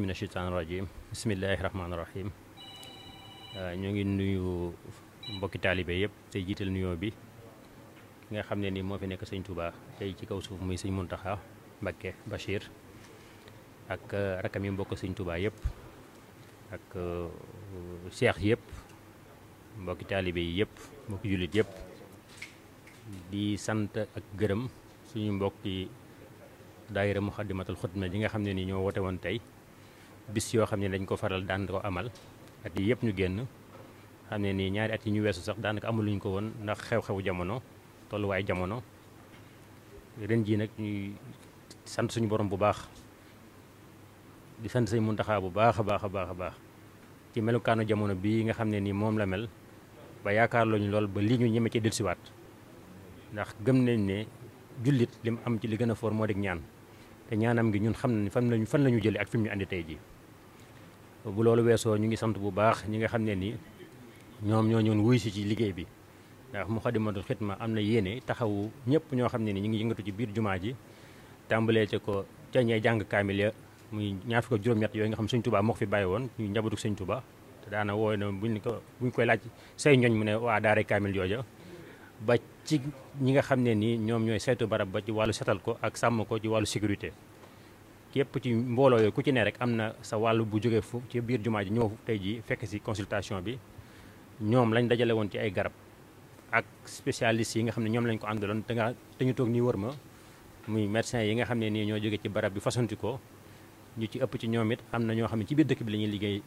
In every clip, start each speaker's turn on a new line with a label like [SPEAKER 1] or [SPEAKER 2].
[SPEAKER 1] mina sheytaan rajim bismillahi rahmaani rahim ñoo ngi nuyu mbokki taalibe yëpp say jiital nuyoo bi nga xam ne ni moo fi nekk sëñ Touba tey ci kaw suuf muy sëñ Muntaxa Mbakke Bachir ak uh, rakam yi mbokk sëñ Touba yëpp ak uh, seex yëpp mbokki taalibe yi yëpp mbokki jullit yëpp di sant ak gërëm suñu mbokki daayira Muxaddamatul Xidma ji nga xam ne ni ñoo woote woon tey bis yoo xam ne dañ ko faral daan ko amal at yi yëpp ñu génn xam ne nii ñaari at yi ñu weesu sax daanaka amaluñ ko woon ndax xew xew jamono tolluwaay jamono ren jii nag ñuy sant suñu borom bu baax di sant Sëñ Muntaxa bu baax a baax a baax a baax ci melukaanu jamono bii nga xam ne nii moom la mel ba yaakaar lañu lool ba lii ñu ñeme ci dellusiwaat ndax gëm nañ ne jullit li mu am ci li gën a foor moo dégg ñaan te ñaanam gi ñun xam nañ fan lañu fan la ñu jëlee ak f mu ñu andi jii. bu loolu weesoo ñu ngi sant bu baax ñi nga xam ne nii ñoom ñoo ñoon wuy si ci liggéey bi ndax Moukhaddamatoul Khidma am na yéene taxawu ñëpp ñoo xam ne ni ñu ngi yëngatu ci biir jumaa ji tàmbalee ca ko ca jàng kaamil muy ñaar fukk ak juróom xam sëñ Tuubaa moo fi bàyyi woon ñu njabootu sëñ Tuubaa te daana wooy na buñ ko buñ koy laaj say ñooñ mu ne waa daare kaamil jooja ba ci ñi nga xam ne nii ñoom ñooy saytu barab ba ci wàllu setal ko ak sàmm ko ci wàllu sécurité képp ci mbooloo yooyu ku ci ne rek am na sa wàll bu jógee fu ci biir jumaa ji ñëw tey ji fekk si consultation bi ñoom lañ dajale woon ci ay garab ak spécialistes yi nga xam ne ñoom lañ ko àndaloon te nga te ñu toog nii wër ma muy médecin yi nga xam ne nii ñoo jógee ci barab bi fasanti ko ñu ci ëpp ci ñoom it am na ñoo xam ne ci biir dëkk bi la ñuy liggéey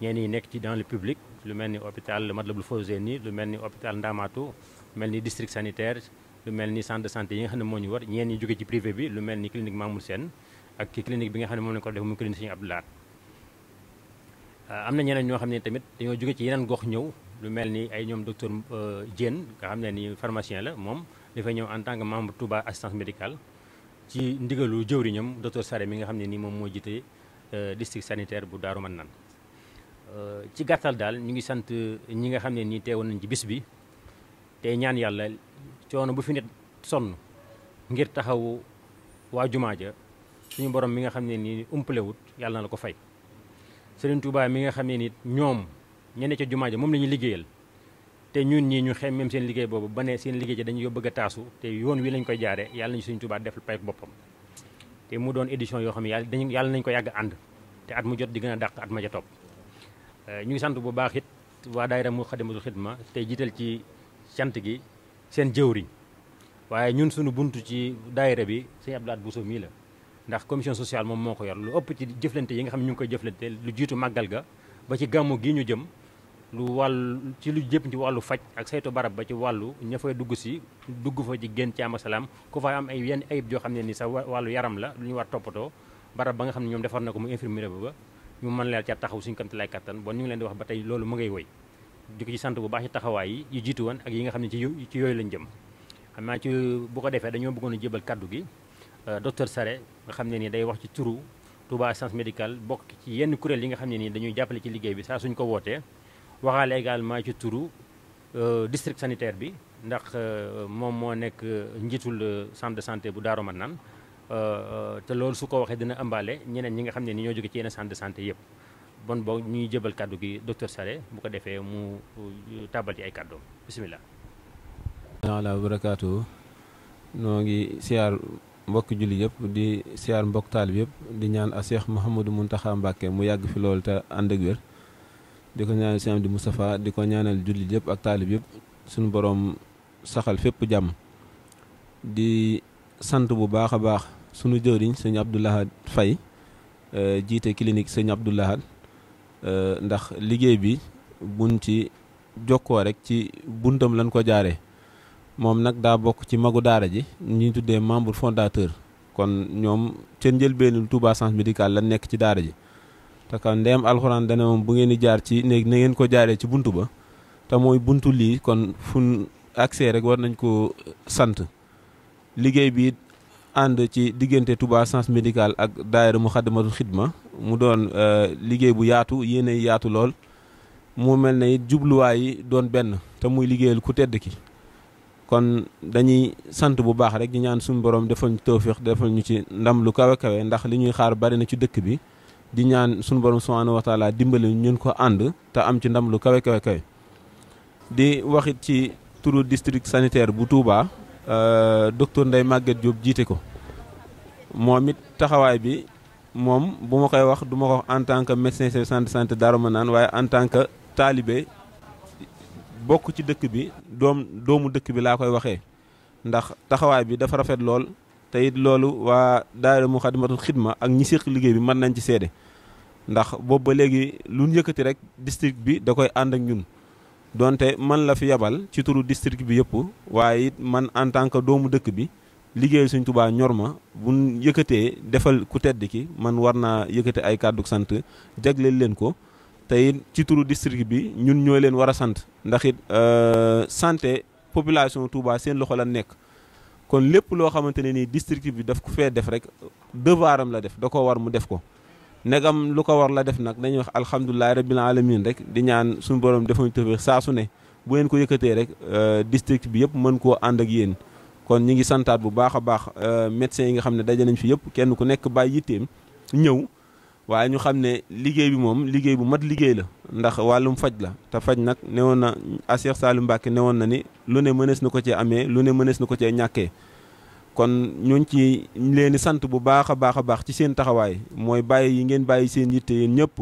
[SPEAKER 1] ñeen ñi nekk ci dans le public lu mel ni hôpital Matlaboul Fawzeyni lu mel ni hôpital Ndamatou mel ni district sanitaire lu mel ni centre de yi nga xam ne moo ñu war ñeen ñi ci privé bi lu mel ni clinique Mamour Sène ak ci clinique bi nga xam ne moom lañ ko def mu clinique Serigne Abdou ah, am na ñeneen ñoo xam ne tamit dañoo jóge ci yeneen gox ñëw lu mel ni ay ñoom docteur euh, Diène nga xam ne ni pharmacien la moom dafay ñëw en tant que membre Touba assistance médicale ci ndigalu jëwriñam docteur Sare mi nga xam ne ni moom moo jiite euh, district sanitaire bu Daaru Manaan euh, ci gàttal daal ñu ngi sant ñi nga xam ne nii teewoon nañ ci bis bi te ñaan yàlla coono bu fi nit sonn ngir suñu borom mi nga xam ne nii umpalewut yàlla na la ko fay Serigne Touba mi nga xam ne nit ñoom ñene ca jumaa ja moom la ñu liggéeyal te ñun ñii ñu xem même seen liggéey boobu ba ne seen liggéey ja dañu bëgg taasu te yoon wi lañ koy jaare yàlla nañu Serigne Touba def pay boppam te mu doon édition yoo xam ne yàlla dañu yàlla nañ ko yàgg ànd te at mu jot di gën a dàq at ma ja topp euh, ñu ngi sant bu baax it waa daayira mu xadimatul xidma tey jiital ci sant gi seen jëwriñ waaye ñun suñu bunt ci daayira bi sëñ Abdou Lahat Bousso mii la ndax commission sociale moom moo ko yor lu ëpp ci jëflante yi nga xam ne ñu ngi koy jëflante lu jiitu màggal ga ba ci gàmmu gi ñu jëm lu wàllu ci lu jëm ci wàllu faj ak saytu barab ba ci wàllu ña fay dugg si dugg fa ci génn ci am salaam ku fa am ay yenn ayib joo xam ne ni sa wàllu yaram la lu ñu war toppatoo barab ba nga xam ne ñoom defar na ko mu infirmier ba ba ñu mën leen ca taxaw suñu kamte lay kattan bon ñu ngi leen di wax ba tey loolu mu ngay woy di sant bu baax ci taxawaay yi yu jiitu woon ak yi nga xam ne ci yooyu lañ jëm xam naa ci bu ko defee dañoo bëggoon a jébal kaddu gi euh, docteur Sare nga xam ne nii day wax ci turu Touba Science Médicale bokk ci yenn kuréel yi nga xam ne nii dañuy jàppale ci liggéey bi saa suñ ko wootee waxaale également ci turu euh, district sanitaire bi ndax euh, moom moo nekk euh, njiitul centre de santé bu Daaru Marnaan te loolu su ko waxee dina ëmbaale ñeneen ñi nga xam ne ni ñoo jóge ci yenn centre de santé yëpp bon boog ñuy jëbal kàddu gi docteur Sare bu ko defee mu tàbbal ci ay kàddoom bisimilah.
[SPEAKER 2] mbokki julli yëpp di siyaar mbokk taalib yëpp di ñaan a Cheikh Mouhamadou Mountakha Mbacké mu yàgg fi lool te ànd di ko ñaanal Cheikh di Moustapha di ko ñaanal julli yëpp ak taalib yëpp suñu boroom saxal fépp jàmm di sant bu baax a baax sunu jëwriñ sëñ Abdoulahad Faye euh, jiite clinique sëñ Abdoulahad euh, ndax liggéey bi buñ ci jokkoo rek ci buntam lañ ko jaaree moom nag daa bokk ci magu daara ji ñuy tuddee membre fondateur kon ñoom seen njëlbéenu Touba Centre médical la nekk ci daara ji te ka ndeem alxuraan dana moom bu ngeen di jaar ci néeg na ngeen ko jaaree ci bunt ba te mooy buntu lii kon fun accès rek war nañ ko sant liggéey bi ànd ci diggante tubaa Centre médical ak daayira Muxaddamatul Xidma mu doon euh, liggéey bu yaatu yéene yaatu lool mu mel ne it jubluwaay yi doon benn te muy liggéeyal ku tedd ki kon dañuy sant bu baax rek ñu ñaan suñu borom defal ñu tawfiix defal ñu ci ndam lu kawe kawe ndax li ñuy xaar bari na ci dëkk bi di ñaan suñu borom subhaanahu wa dimbali ñun ko ànd te am ci ndam lu kawe kawe kawe di waxit ci turu district sanitaire bu Touba euh, docteur Ndeye Maguette Diop jiite ko moom it taxawaay bi moom bu ma koy wax duma ko wax en tant que médecin chef centre santé Darou Manane waaye en tant que taalibe bokk ci dëkk bi doom doomu dëkk bi laa koy waxee ndax taxawaay bi dafa rafet lool te it loolu waa daayira Muxaddamatul Xidma ak ñi séq liggéey bi mën nañ ci seede ndax boobu ba léegi lu ñu yëkkati rek district bi da koy ànd ak ñun donte man la fi yabal ci turu district bi yëpp waaye it man en tant que doomu dëkk bi liggéeyal Sëñ Tuubaa ñor ma buñ yëkkatee defal ku tedd ki man war naa yëkkate ay kàddu sant jagleel leen ko te it ci turu bi ñun ñoo leen war a sant ndax it euh, santé population Touba seen loxo la nekk kon lépp loo xamante ne nii district bi daf ko fee def rek devoiram la def da ko war mu def ko ndegam lu ko war la def nag dañuy wax alhamdulilahi rabbil alamin rek di ñaan suñu borom defuñu tëfee saa su ne bu ngeen ko yëkkatee rek euh, district bi yëpp mën koo ànd ak yéen kon ñu ngi santaat bu baax a baax euh, médecins yi nga xam ne daje nañ fi yëpp kenn ku nekk bàyyi yitteem ñëw waaye ñu xam ne liggéey bi moom liggéey bu mat liggéey la ndax wàllum faj la te faj nag newoon na Cheikh Saliou Mbacké newoon na ni lu ne mënees na ko cee amee lu ne mënees na ko cee ñàkkee kon ñooñ ci leen di sant bu baax a baax a baax ci seen taxawaay mooy bàyyi yi ngeen bàyyi seen yitte ñëpp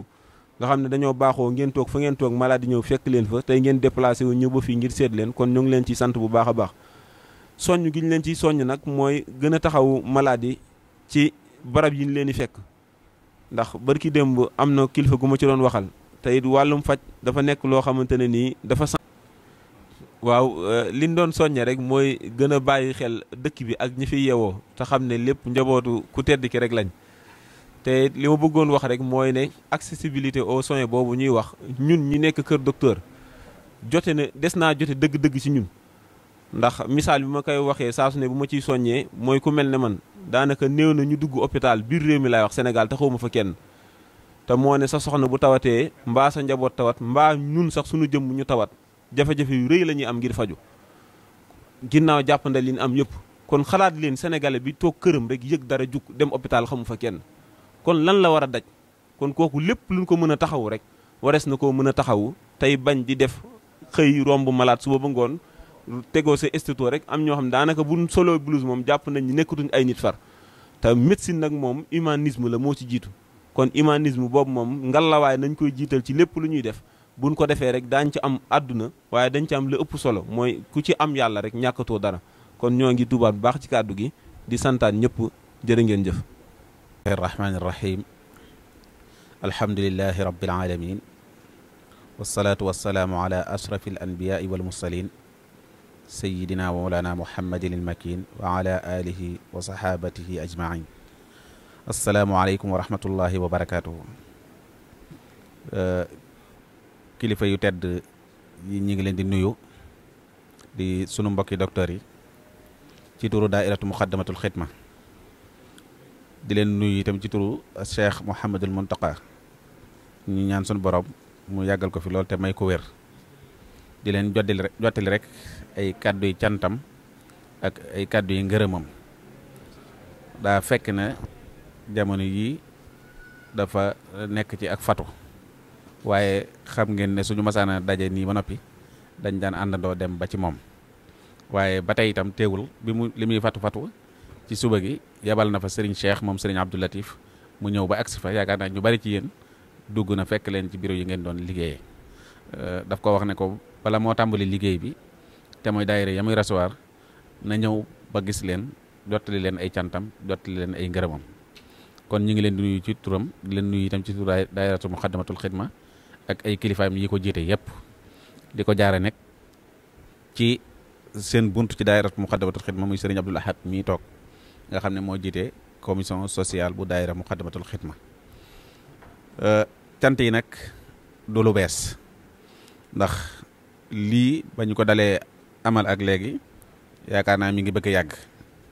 [SPEAKER 2] nga xam ne dañoo baaxoo ngeen toog fa ngeen toog malade ñëw fekk leen fa tey ngeen déplacé wu ñëw ba fii ngir seet leen kon ñu ngi leen ci sant bu baax a baax soññ gi ñu leen ciy soññ nag mooy gën a taxawu malade ci barab yi ñu leen di fekk ndax barki démb am na kilifa gu ma ci doon waxal tey it wàllum faj dafa nekk loo xamante ne nii dafa san waaw euh, li ñu doon soññe rek mooy gën a bàyyi xel dëkk bi ak ñi fi yewoo te xam ne lépp njabootu ku tedd ki rek lañ te li ma bëggoon wax rek mooy ne accessibilité aux soins boobu ñuy wax ñun ñi nekk kër docteur jote na des naa jote dëgg-dëgg ci ñun ndax misaal bi ma koy waxee saasu ne bu ma ciy soññee mooy ku mel ne man daanaka néew na ñu dugg hôpital biir réew mi laay wax Sénégal te xawma fa kenn te moo ne sa soxna bu tawatee mbaa sa njaboot tawat mbaa ñun sax suñu jëmm ñu tawat jafe-jafe yu rëy lañuy am ngir faju ginnaaw jàppandal li ñu am yëpp kon xalaat leen sénégalais bi toog këram rek yëg dara jug dem hôpital xamu fa kenn kon lan la war a daj kon kooku lépp luñ ko mën a taxawu rek warees na koo mën a taxawu tey bañ di def xëy malaat suba ba ngoon tegoo sa esthéto rek am ñoo xam daanaka buñ solo blouse moom jàpp nañ ñi nekkatuñ ay nit far te médecine nag moom humanisme la moo ci jiitu kon humanisme boobu moom ngalawaay nañ koy jiital ci lépp lu ñuy def buñ ko defee rek daañ ci am àdduna waaye dañ ci am la ëpp solo mooy ku ci am yàlla rek ñàkkatoo dara kon ñoo ngi tubaab bu baax ci kàddu gi di santaan ñëpp jërë ngeen jëf arrahmaani rahim
[SPEAKER 3] alhamdulilahi rabbil alamin wasalaatu wasalaamu ala ashrafi al anbiyaai wal mursalin sayidina wa mawlana muhammadin ilmakin wa ala alihi wa sahabatihi ajmain asalaamualeykum wa rahmatullahi wa barakatuhu uh, kilifa yu tedd yi ñi ngi leen di nuyu di sunu mbokki docteur yi ci turu daairatu muqaddamatul di leen nuyu itam ci turu cheikh mouhamadul muntaqa ñaan sunu borom mu yàggal ko fi lool te may ko wér di leen jottali rek rek ay kàddu yi cantam ak ay kàddu yi ngërëmam daa fekk na jamono yii dafa nekk ci ak fatu waaye xam ngeen ne suñu masaana daje nii ba noppi dañ daan àndandoo dem ba ci moom waaye ba tey itam teewul bi mu li muy fatu fatu ci suba gi yabal na fa Serigne Cheikh moom Serigne Abdou Latif mu ñëw ba agsi fa yaakaar naa ñu bari ci yéen dugg na fekk leen ci bureau yi ngeen doon liggéeyee euh, daf ko wax ne ko bala moo tàmbali liggéey bi te mooy daayira ya muy recevoir na ñëw ba gis leen jottali leen ay cantam jottali leen ay ngërëmam kon ñu ngi leen di nuyu ci turam leen nuyu itam ci tur daayiratu muxaddamatul xidma ak ay kilifaam yi ko jiite yëpp di ko jaare nekk ci seen bunt ci daayiratu muxaddamatul xidma muy sëriñ Abdul Ahad mii toog nga xam ne moo jiite commission sociale bu daayira muxaddamatul xidma euh, cant yi nag du lu bees ndax lii bañ ko dalee amal ak léegi yaakaar naa mi ngi bëgg a yàgg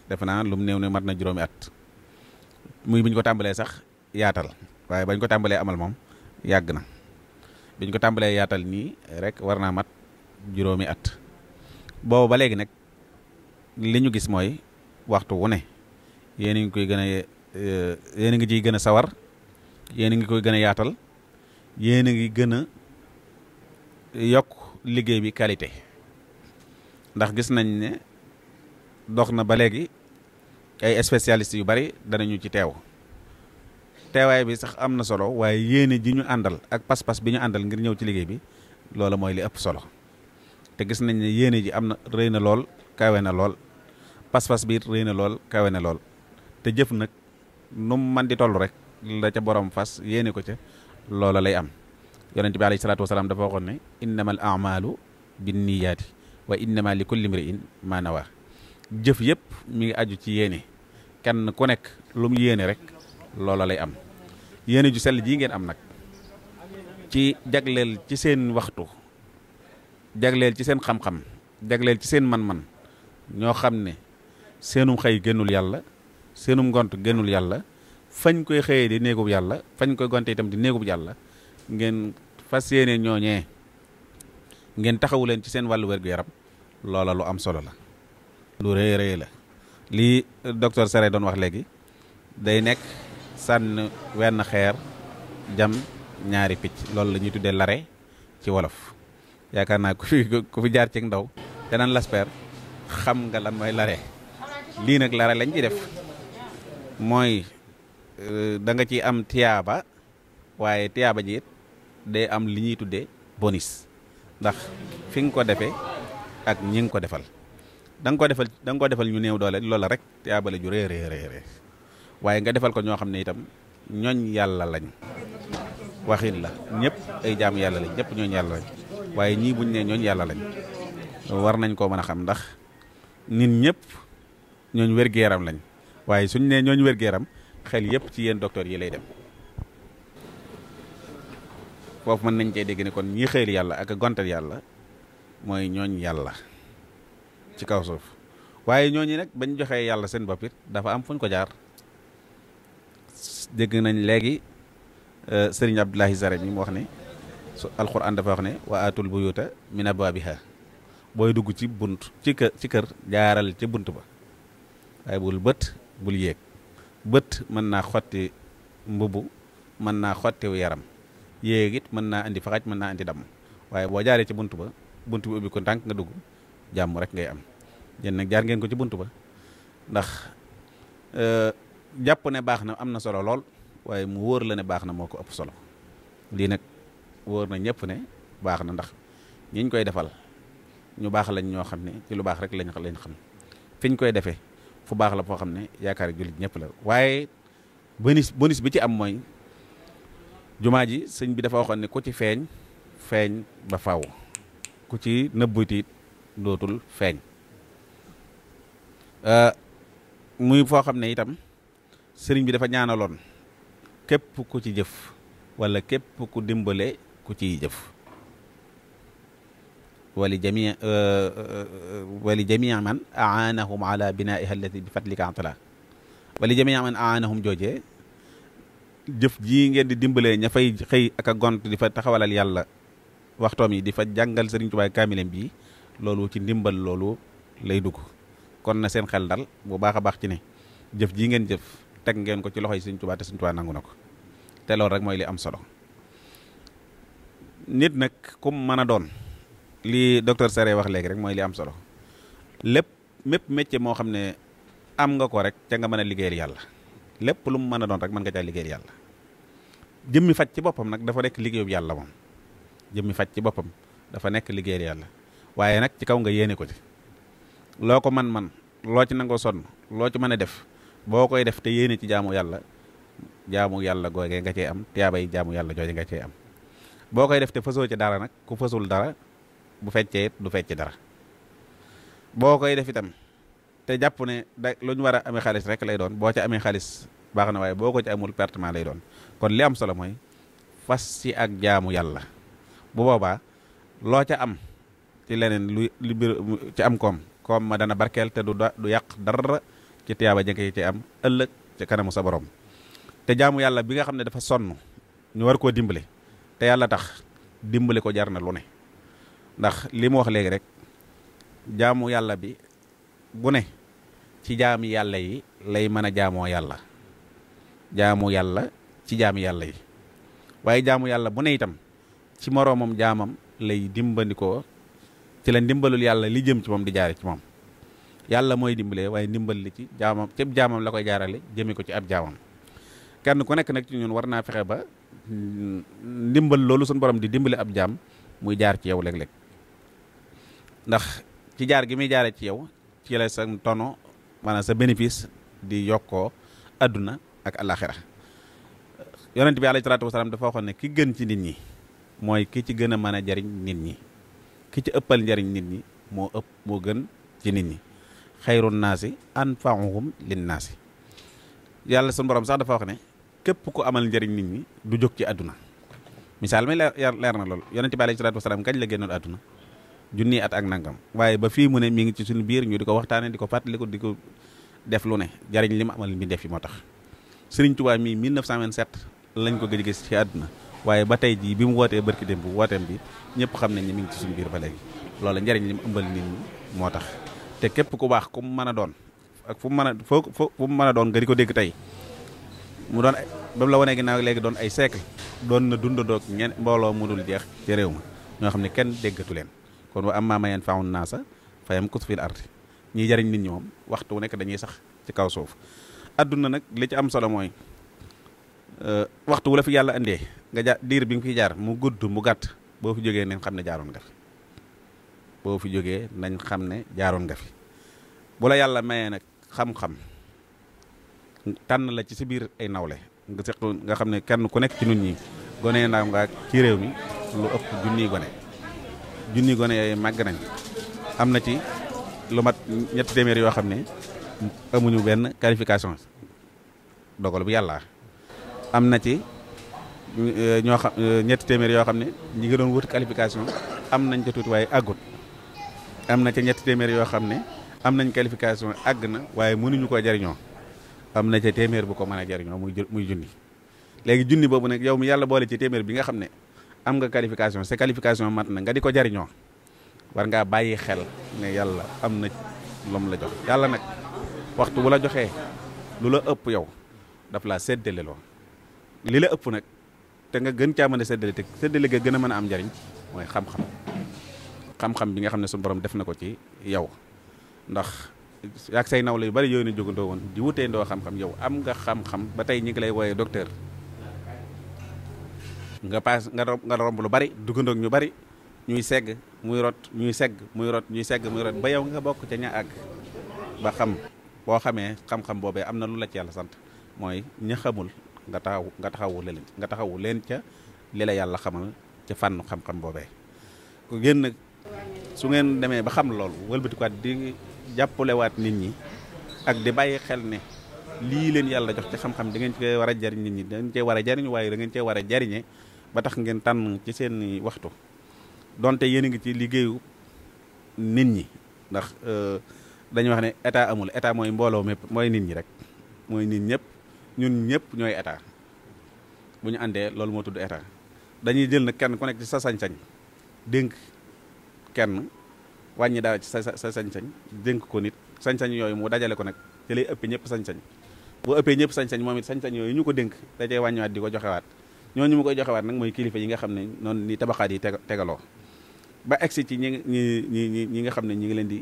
[SPEAKER 3] defe naa lu néew ne mat na juróomi at muy bi ko tàmbalee sax yaatal waaye bañ ko tàmbalee amal moom yàgg na bi ko tàmbalee yaatal nii rek war naa mat juróomi at boobu ba léegi nag li gis mooy waxtu wu ne yéen a ngi koy gën a eh, yéen a ngi ciy gën a sawar yéen a ngi koy gën a yaatal yéen a ngi gën a yokk liggéey bi qualité ndax gis nañ ne dox na ba léegi ay spécialistes yu bari danañu ci teew teewaay bi sax am na solo waaye yéene ji ñu àndal ak pas-pas bi ñu àndal ngir ñëw ci liggéey bi loola mooy li ëpp solo te gis nañ ne yéene ji am na rëy na lool kawe na lool pas-pas biit it rëy na lool kawe na lool te jëf nag nu mu mën di toll rek la ca boroom fas yéene ko ca loola lay am. yonent bi alayhi salaatu wasalaam dafa waxoon ne innama al amalu binniyaati wa innama li kulli mriin ma nawa jëf yépp mu ngi aju ci yéene kenn ku nekk lu mu yéene rek loola lay am yéene ju sell jii ngeen am nag ci jagleel ci seen waxtu jagleel ci seen xam-xam jagleel ci seen man-man ñoo xam ne seenum xëy gënul yàlla seenum ngont gënul yàlla fañ koy xëyee di néegub yàlla fañ koy gonte itam di néegub yàlla ngeen fas yéene ñooñee ngeen taxawu leen ci seen wàllu wér-gu-yaram loola lu am solo la. lu rëy rëy la lii docteur Sare doon wax léegi day nekk sànn wenn xeer jam ñaari picc loolu lañuy tuddee lare ci wolof yaakaar naa ku fi ku fi jaar ci ndaw danaan lasper xam nga lan mooy lare lii nag lare lañ ci def mooy euh, danga ci am tiyaaba waaye tiyaaba ji day am li ñuy tuddee bonis ndax fi nga ko defee ak ñi nga ko defal da nga ko defal da nga ko defal ñu néew doole loola rek tiyaabale ju rëy rëy rëy waaye nga defal ko ñoo xam ne itam ñooñ yàlla lañ waxin la ñëpp ay jaam yàlla lañ ñëpp ñooñ yàlla lañ waaye ñii buñ nee ñooñ yàlla lañ war nañ koo mën a xam ndax nit ñëpp ñooñ wér-gu-yaram lañ waaye suñ ne ñooñ wér-gu-yaram xel yëpp ci yéen docteur yi lay dem foofu mën nañ cee dégg ne kon ñi xëyal yàlla ak gontal yàlla mooy ñooñ yàlla ci kaw suuf waaye ñooñu nag bañ joxee yàlla seen boppit dafa am fuñ ko jaar dégg nañ léegi euh, sëriñ Abdullahi Zare mi mu wax ne su alxuraan dafa wax ne wa atul buyuta min abwabiha booy dugg ci bunt ci kër jaaral ci bunt ba waaye bul bët bul yéeg bët mën naa xotti mbubu mën naa xottiw yaram yéeg it mën naa andi faxaj mën naa andi damm waaye boo jaaree ci bunt ba bunt bi ubbi ko tànk nga dugg jàmm rek ngay am yéen nag jaar ngeen ko ci bunt ba ndax euh, jàpp ne baax na am na solo lool waaye mu wóor la ne baax na moo ko ëpp solo lii nag wóor na ñëpp ne baax na ndax ñiñ koy defal ñu baax lañ ñoo xam ne ci lu baax rek lañ lañ xam fiñ koy defee fu baax la foo xam ne yaakaar jullit ñëpp la waaye bënis bonus bi ci am mooy jumaa ji sëñ bi dafa waxoon ne ku ci feeñ feeñ ba faw ku ci nëbbutit dootul feeñ euh, muy foo xam ne itam sëriñ bi dafa ñaanaloon képp ku ci jëf wala képp ku dimbale ku ciy jëf wali jamii euh, euh, a jamii man aanahum ala binaiha allati bi fadlika antala wali jamii man aanahum joojee jëf jii ngeen di dimbalee ña fay xëy ak gont di fa taxawalal yàlla waxtoom yi di fa jàngal Serigne Touba kaamilam bii loolu ci ndimbal loolu lay dugg kon na seen xel dal bu baax a baax ci ne jëf jii ngeen jëf teg ngeen ko ci loxoy Serigne Touba te Serigne Touba nangu na ko te loolu rek mooy li am solo nit nag kum mën a doon li docteur Sare wax léegi rek mooy li am solo lépp mépp métier moo xam ne am nga ko rek ca nga mën a liggéeyal yàlla. lépp lu mu mën a doon rek mën nga liggéey liggéeyal yàlla jëmmi faj ci boppam nag dafa nekk liggéeyub yàlla moom jëmmi faj ci boppam dafa nekk liggéeyal yàlla waaye nag ci kaw nga yéene ko ci loo ko man-man loo ci nangoo sonn loo ci mën a def boo koy def te yéene ci jaamu yàlla jaamu yàlla googee nga cee am tiyaabay jaamu yàlla jooje nga cee am boo koy def te fësoo ci dara nag ku fësul dara bu feccee du fecc dara boo koy def itam te jàpp ne da lu ñu war a amee xaalis rek lay doon boo ci amee xaalis baax na waaye boo ko ci amul pertement lay doon kon li am solo mooy fas ci ak jaamu yàlla bu boobaa loo ca am ci leneen lu lu ci am koom koom ma dana barkeel te du du yàq dara ci tiyaaba jënk yi ci am ëllëg ci kanamu sa borom te jaamu yàlla bi nga xam ne dafa sonn ñu war koo dimbale te yàlla tax dimbale ko jar na lu ne ndax li mu wax léegi rek jaamu yàlla bi bu ne ci jaami yàlla yi lay mën a jaamoo yàlla jaamu yàlla ci jaam yàlla yi waaye jaamu yàlla bu ne itam ci moroomam jaamam lay dimbandikoo ci la ndimbalul yàlla li jëm ci moom di jaare ci moom yàlla mooy dimbalee waaye ndimbal li ci jaamam ci jaamam la koy jaarale jëmee ko ci ab jaamam kenn ku nekk nag ci ñun war naa fexe ba mm, ndimbal loolu suñu borom di dimbale ab jaam muy jaar ci yow léeg-léeg ndax ci jaar gi muy jaare ci yow ci la sa tono maanaam sa bénéfice di yokkoo adduna ak alaxira yonent bi alayhi salaatu wasalaam dafa waxoon ne ki gën ci nit ñi mooy ki ci gën a mën a jariñ nit ñi ki ci ëppal njariñ nit ñi moo ëpp moo gën ci nit ñi xayrun naasi anfa'uhum linnaasi yàlla sunu borom sax dafa wax ne képp ku amal njariñ nit ñi du jóg ci adduna misaal mi leer na loolu yonent bi alayhi salaatu wasalaam kañ la génnoon adduna junni at ak nangam waaye ba fii mu ne mi ngi ci suñu biir ñu di ko waxtaane di ko fàttaliku di ko def lu ne jariñ li mu amal mi def yi moo tax Sëriñ Tuubaa mii 1927 lañ ko gëj gis ci àdduna waaye ba tey jii bi mu wootee barki démb bu wooteem bi ñëpp xam nañ ne mi ngi ci suñu biir ba léegi loola njariñ lim mu ëmbal nit moo tax te képp ku baax ku mu mën a doon ak fu mu mën a foo fu mu mën a doon nga di ko dégg tey mu doon ba mu la wanee ginnaaw léegi doon ay siècle doon na dundandoog ñen mbooloo mu dul jeex ci réew ma ñoo xam ne kenn déggatu leen kon wa amma ma yanfa'u naasa fa yamkutu fil ardi ñiy jariñ nit ñi moom waxtu wu nekk dañuy sax ci kaw soof adduna nag li ci am solo mooy euh, waxtu wu la fi yàlla indee nga jaar diir bi nga fi jaar mu gudd mu gàtt boo fi jógee nañ xam ne jaaroon nga fi boo fi jógee nañ xam ne jaaroon nga fi bu la yàlla mayee nag xam-xam tànn la ci si biir ay nawle nga seq nga xam ne kenn ku nekk ci nit ñi gone ndaw nga ci réew mi lu ëpp junniy gone junni gone yooyu màgg nañ am na ci lu mat ñetti téeméer yoo xam ne amuñu benn qualification dogal bu yàlla am na ci euh, ñoo xam euh, téeméer yoo xam ne ñi ngi doon wut qualification am nañ ca tuuti àggut am na ca ñetti téeméer yoo xam ne am nañ qualification àgg na waaye mënuñu koo jariñoo am na ca temeer bu ko mën a jariñoo muy muy junni léegi junni boobu nag yow mi yàlla boole ci téeméer bi nga xam ne am nga qualification sa qualification mat na nga di ko jariñoo war ngaa bàyyi xel ne yàlla am na lom la jox yàlla nag waxtu bu la joxee lu la ëpp yow daf laa séddale loo li la ëpp nag te nga gën caa mën a séddale te séddale nga gën a mën a am jariñ mooy xam-xam xam-xam bi nga xam ne suñu borom def na ko ci yow ndax yaag say naw la yu bari yooyu na jógandoo woon di wutee ndoo xam-xam yow am nga xam-xam ba tey ñi ngi lay wooyee docteur nga paas nga romb lu bari duggandoog ñu bari ñuy segg muy rot ñuy segg muy rot ñuy segg muy ba yow nga bokk ca ña àgg ba xam boo xamee xam-xam boobee am na lu la ci yàlla sant mooy ña xamul nga taxaw nga taxawu leen nga taxawu leen ca li yàlla xamal ci fànn xam-xam boobee ku génn su ngeen demee ba xam loolu wëlbatikuwaat di jàppalewaat nit ñi ak di bàyyi xel ne lii leen yàlla jox ci xam-xam di ngeen cee a jariñ nit ñi da cee war a jariñ waaye da ngeen cee war a jariñe ba tax ngeen tànn ci seen waxtu donte yéen a ngi ci liggéeyu nit ñi ndax euh, dañu wax ne état amul état mooy mbooloo mépp mooy nit ñi rek mooy nit ñëpp ñun ñëpp ñooy état bu ñu àndee loolu moo tudd état dañuy jël nag kenn ku nekk ci sa sañ-sañ dénk kenn wàññi daal ci sa sa sañ-sañ dénk ko nit sañ-sañ yooyu mu dajale ko nag te lay ëppee ñëpp sañ-sañ bu ñëpp sañ-sañ moom it sañ-sañ yooyu ñu ko dénk da cee wàññiwaat di ko joxewaat ñooñu mu koy joxewaat nag mooy kilifa yi nga xam ne noonu ni tabaxaat yi tegaloo ba egsi ci ñi ñi ñi ñi nga xam ne ñi ngi leen di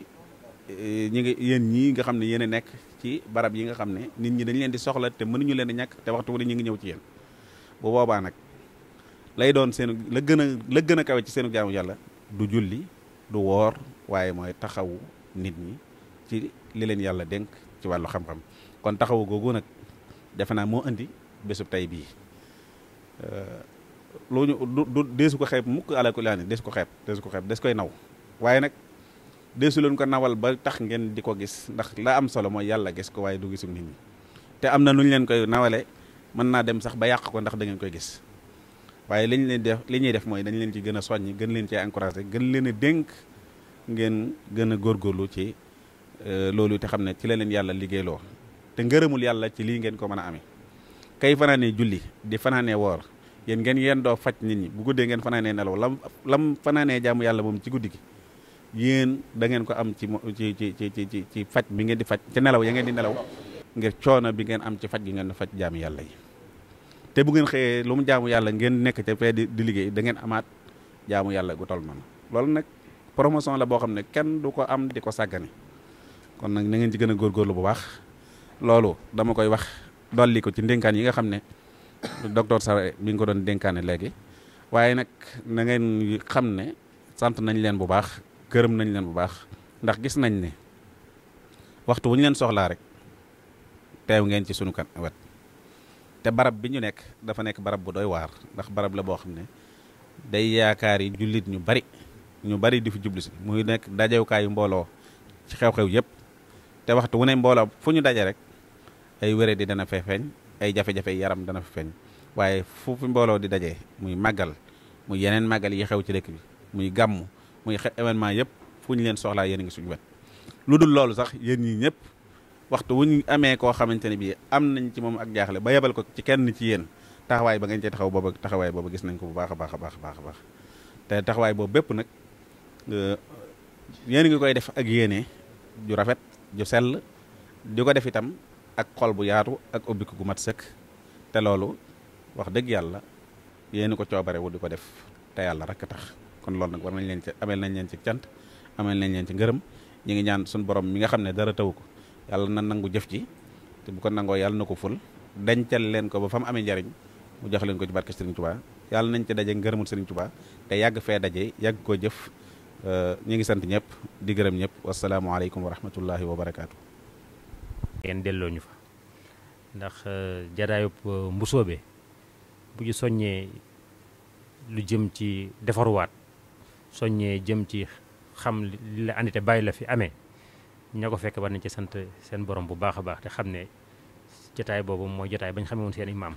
[SPEAKER 3] eh, ñi ngi yéen ñii nga xam ne yéen a nekk ci barab yi nga xam ne nit ñi dañu leen di soxla te mënuñu leen di ñàkk te waxtu wu ne ñu ngi ñëw ci yen bu boobaa nag lay doon seenu la gën a la gën a kawe ci seenu jaamu yàlla du julli du woor waaye mooy taxawu nit ñi ci li leen yàlla dénk ci wàllu xam-xam kon taxawu googu nag defe naa moo indi bésub tey bii Euh, loo ñu du deesu ko xeeb mukk àlakuliaani deesu ko xeeb deesu ko xeeb des koy naw waaye nag deesu leen ko nawal ba tax ngeen di ko gis ndax la am solo mooy yàlla gis ko waaye du gisum nit ñi te am na nu ñu leen koy nawale mën naa dem sax ba yàq ko ndax da koy gis waaye liñ leen def li ñuy def mooy dañu leen ci gën a soññ gën leen ci encouragé gën leen a dénk ngeen gën a góorgóorlu ci euh, loolu te xam ne ci la leen yàlla liggéeyloo te ngërëmul yàlla ci lii ngeen ko mën a amee kay fanaanee julli di fanaanee woor yéen ngeen yéen doo faj nit ñi bu guddee ngeen fanaanee nelaw lam lam fanaanee jaamu yàlla moom ci guddi gi yéen dangeen ko am ci ci ci ci ci ci faj bi ngeen di faj ci nelaw ya ngeen di nelaw ngir coono bi ngeen ci faj gi ngeen di faj jaamu yàlla yi te bu ngeen xëyee lu mu jaamu yàlla ngeen nekk ca fee di liggéey da ngeen amaat jaamu yàlla gu tol noonu loolu nag promotion la boo xam ne kenn du ko am di ko sàggane kon nag na ngeen ci gën a góor góorgóorlu bu baax loolu dama koy wax dolli ko ci ndénkaan yi nga xam ne docteur Sare mi ngi ko doon dénkaane léegi waaye nag na ngeen xam ne sant nañ leen bu baax gërëm nañ leen bu baax ndax gis nañ ne waxtu wu ñu leen soxlaa rek teew ngeen ci sunu kan wet te barab bi ñu nekk dafa nekk barab bu doy waar ndax barab la boo xam ne day yaakaar yi jullit ñu bari ñu bari di fi jublu si muy nekk dajewukaayu mbooloo ci xew-xew yëpp te waxtu wu ne mbooloo fu ñu daje rek ay wéré di dana fee ay jafe-jafe yaram dana fa feeñ waaye fu fi mbooloo di dajee muy màggal muy yeneen màggal yi xew ci dëkk bi muy gàmm muy événement yëpp fu ñu leen soxlaa yéen a ngi suñu wet lu dul loolu sax yéen ñi ñëpp waxtu wu ñu amee koo xamante ne bii am nañ ci moom ak jaaxle ba yebal ko ci kenn ci yéen taxawaay ba ngeen cee taxaw booba taxawaay booba gis nañ ko bu baax a a baax a baax te taxawaay boobu bépp nag euh, yéen ngi koy def ak yéene ju rafet ju sell di ko def itam ak xol bu yaatu ak ubbiku gu mat sëkk te loolu wax dëgg yàlla yéeni ko coobare wu di ko def te yàlla rek tax kon loolu nag war nañ leen ci nañ leen ci cant amee nañ leen ci ngërëm ñi ngi ñaan suñu borom mi nga xam ne dara taw ko yàlla na nangu jëf ji te bu ko nangoo yàlla na ko ful dencal leen ko ba fa mu amee njariñ mu jox leen ko ci barke Serigne Touba yàlla nañ ci daje ngërëmul Serigne Touba te yàgg fee daje yàgg koo jëf ñi ngi sant ñëpp di gërëm ñëpp wasalaamualeykum wa rahmatullahi wa barakaatu. ngeen delloo ñu fa
[SPEAKER 1] ndax euh, jadaayub euh, mbusoobe bu ci soññee lu jëm ci defaruwaat soññee jëm ci xam li la andite bàyyi la fi amee ña ko fekk war nañ ci sant seen borom bu baax a baax te xam ne jataay boobu mooy jataay bañ xamee woon seen i maam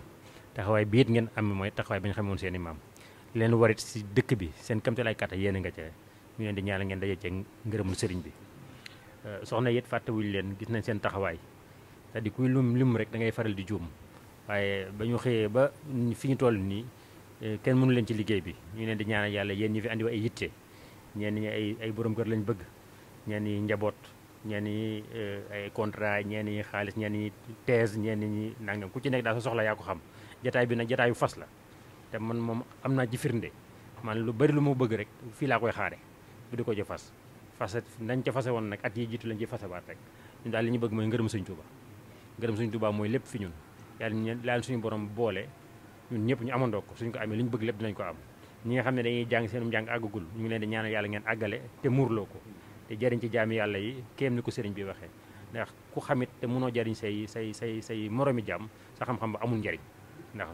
[SPEAKER 1] taxawaay bi it ngeen am mooy taxawaay bañ xamee woon seen i maam leen warit si dëkk bi seen kamte lay kàtta yéen nga ca ñu leen di ñaanal ngeen daje ci ngërëmul sëriñ bi Euh, soxna yit fàttewuñu leen gis nañ seen taxawaay c'est-à-dire kuy lim lim rek da ngay faral di juum waaye ba ñu xëyee ba fi ñu toll nii euh, kenn mënu leen ci liggéey bi ñu leen di ñaanal yàlla yéen ñi fi andi ay yitte ñenn ñi ay ay borom kër lañ bëgg ñenn ñi njaboot ñenn ñi euh, ay contrat ñeen ñi xaalis ñenn ñi thèse ñenn ñi nangam ku ci nekk daal sa soxla yaa ko xam jataay bi nag jataayu fas la te man moom am naa ci firnde man lu bari lu ma bëgg rek fii laa koy xaare di ko ci fase nañ ca fase woon nag at yi jiitu lañ ci fasewaat rek ñun daal li ñu bëgg mooy ngërëm sëñ Tuuba ngërëm sëñ Tuuba mooy lépp fi ñun yàlla ñu laal suñu borom boole ñun ñëpp ñu amandoo ko suñ ko amee li ñu bëgg lépp dinañ ko am nga xam ne dañuy jàng seenum njàng àggagul ñu ngi leen di ñaanal yàlla ngeen àggale te muurloo ko te jariñ ci jaami yàlla yi kéem ni ko sëriñ bi waxee ndax ku xamit te mënoo jariñ say say say say moromi jaam sa xam-xam ba amul njariñ ndax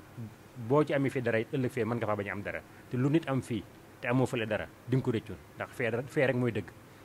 [SPEAKER 1] boo ci amee fii dara fee mën nga faa bañ am dara te lu am fii te amoo fële dara di nga ko rëccoon ndax fee fee rek mooy dëgg